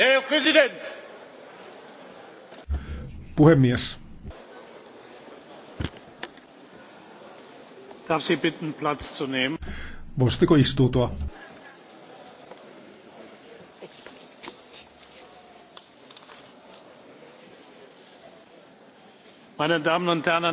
Herr Puhemies. Darf Sie bitten, Platz zu nehmen? Voisitteko istuutua? Meine Damen und Herren,